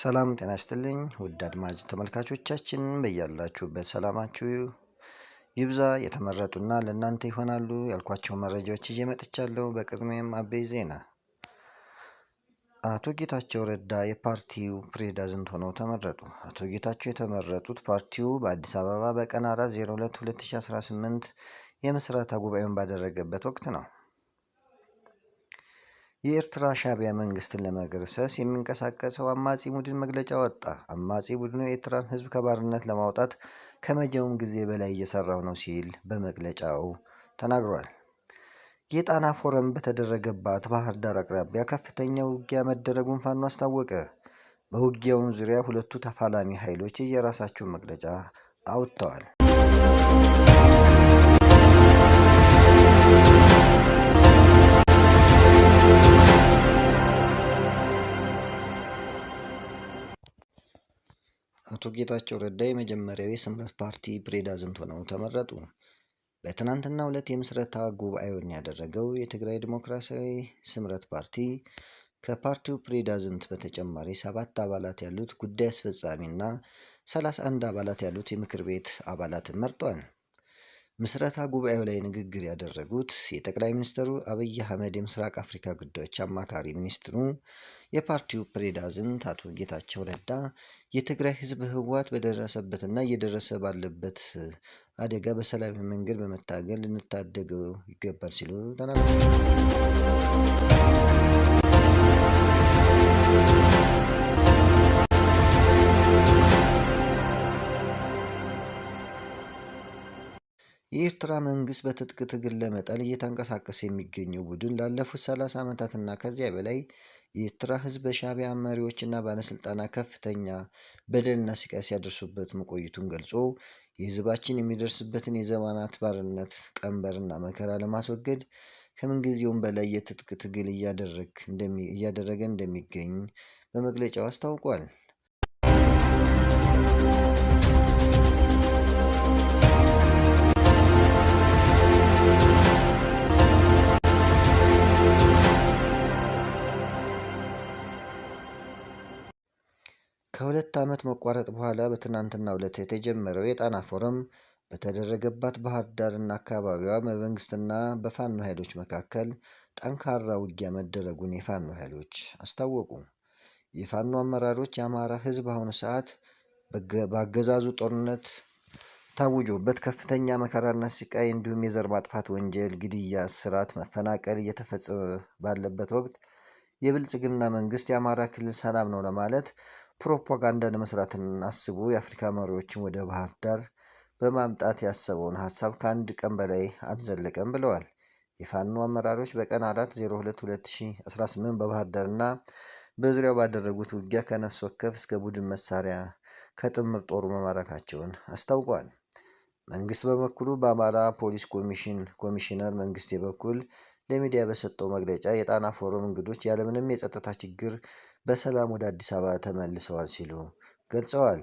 ሰላም ጤና ይስጥልኝ ውድ አድማጭ ተመልካቾቻችን በያላችሁበት ሰላማችሁ ይብዛ። የተመረጡና ለእናንተ ይሆናሉ ያልኳቸው መረጃዎች ይዤ መጥቻለሁ። በቅድሚያም አበይ ዜና። አቶ ጌታቸው ረዳ የፓርቲው ፕሬዝዳንት ሆነው ተመረጡ። አቶ ጌታቸው የተመረጡት ፓርቲው በአዲስ አበባ በቀን 4 02 2018 የምስረታ ጉባኤውን ባደረገበት ወቅት ነው። የኤርትራ ሻቢያ መንግስትን ለመገርሰስ የሚንቀሳቀሰው አማጺ ቡድን መግለጫ ወጣ። አማጺ ቡድኑ የኤርትራን ህዝብ ከባርነት ለማውጣት ከመጀውም ጊዜ በላይ እየሰራው ነው ሲል በመግለጫው ተናግሯል። የጣና ፎረም በተደረገባት ባህር ዳር አቅራቢያ ከፍተኛ ውጊያ መደረጉን ፋኖ አስታወቀ። በውጊያውም ዙሪያ ሁለቱ ተፋላሚ ኃይሎች የየራሳቸውን መግለጫ አውጥተዋል። አቶ ጌታቸው ረዳ የመጀመሪያው የስምረት ፓርቲ ዝንት ሆነው ተመረጡ። በትናንትናው ዕለት የምስረታ ጉባኤውን ያደረገው የትግራይ ዲሞክራሲያዊ ስምረት ፓርቲ ከፓርቲው ዝንት በተጨማሪ ሰባት አባላት ያሉት ጉዳይ እና ሰላሳ አንድ አባላት ያሉት የምክር ቤት አባላትን መርጧል። ምስረታ ጉባኤው ላይ ንግግር ያደረጉት የጠቅላይ ሚኒስትሩ አብይ አህመድ የምስራቅ አፍሪካ ጉዳዮች አማካሪ ሚኒስትሩ የፓርቲው ፕሬዝዳንት አቶ ጌታቸው ረዳ የትግራይ ህዝብ ህወሓት በደረሰበትና እየደረሰ ባለበት አደጋ በሰላማዊ መንገድ በመታገል ልንታደገው ይገባል ሲሉ ተናግረዋል። የኤርትራ መንግስት በትጥቅ ትግል ለመጣል እየተንቀሳቀሰ የሚገኘው ቡድን ላለፉት 30 ዓመታትና ከዚያ በላይ የኤርትራ ህዝብ በሻቢያ መሪዎችና ባለስልጣና ከፍተኛ በደልና ስቃይ ሲያደርሱበት መቆየቱን ገልጾ የህዝባችን የሚደርስበትን የዘመናት ባርነት ቀንበርና መከራ ለማስወገድ ከምንጊዜውም በላይ የትጥቅ ትግል እያደረገ እንደሚገኝ በመግለጫው አስታውቋል። ከሁለት ዓመት መቋረጥ በኋላ በትናንትናው ዕለት የተጀመረው የጣና ፎረም በተደረገባት ባህር ዳርና አካባቢዋ በመንግስትና በፋኖ ኃይሎች መካከል ጠንካራ ውጊያ መደረጉን የፋኖ ኃይሎች አስታወቁ። የፋኖ አመራሮች የአማራ ህዝብ በአሁኑ ሰዓት በአገዛዙ ጦርነት ታውጆበት ከፍተኛ መከራና ስቃይ እንዲሁም የዘር ማጥፋት ወንጀል፣ ግድያ፣ ስርዓት፣ መፈናቀል እየተፈጸመ ባለበት ወቅት የብልጽግና መንግስት የአማራ ክልል ሰላም ነው ለማለት ፕሮፓጋንዳ ለመስራትን አስቦ የአፍሪካ መሪዎችን ወደ ባህር ዳር በማምጣት ያሰበውን ሀሳብ ከአንድ ቀን በላይ አልዘለቀም ብለዋል። የፋኖ አመራሮች በቀን 4 02 2018 በባህር ዳርና በዙሪያው ባደረጉት ውጊያ ከነፍስ ወከፍ እስከ ቡድን መሳሪያ ከጥምር ጦሩ መማረካቸውን አስታውቋል። መንግስት በበኩሉ በአማራ ፖሊስ ኮሚሽን ኮሚሽነር መንግስቴ በኩል ለሚዲያ በሰጠው መግለጫ የጣና ፎረም እንግዶች ያለምንም የጸጥታ ችግር በሰላም ወደ አዲስ አበባ ተመልሰዋል ሲሉ ገልጸዋል።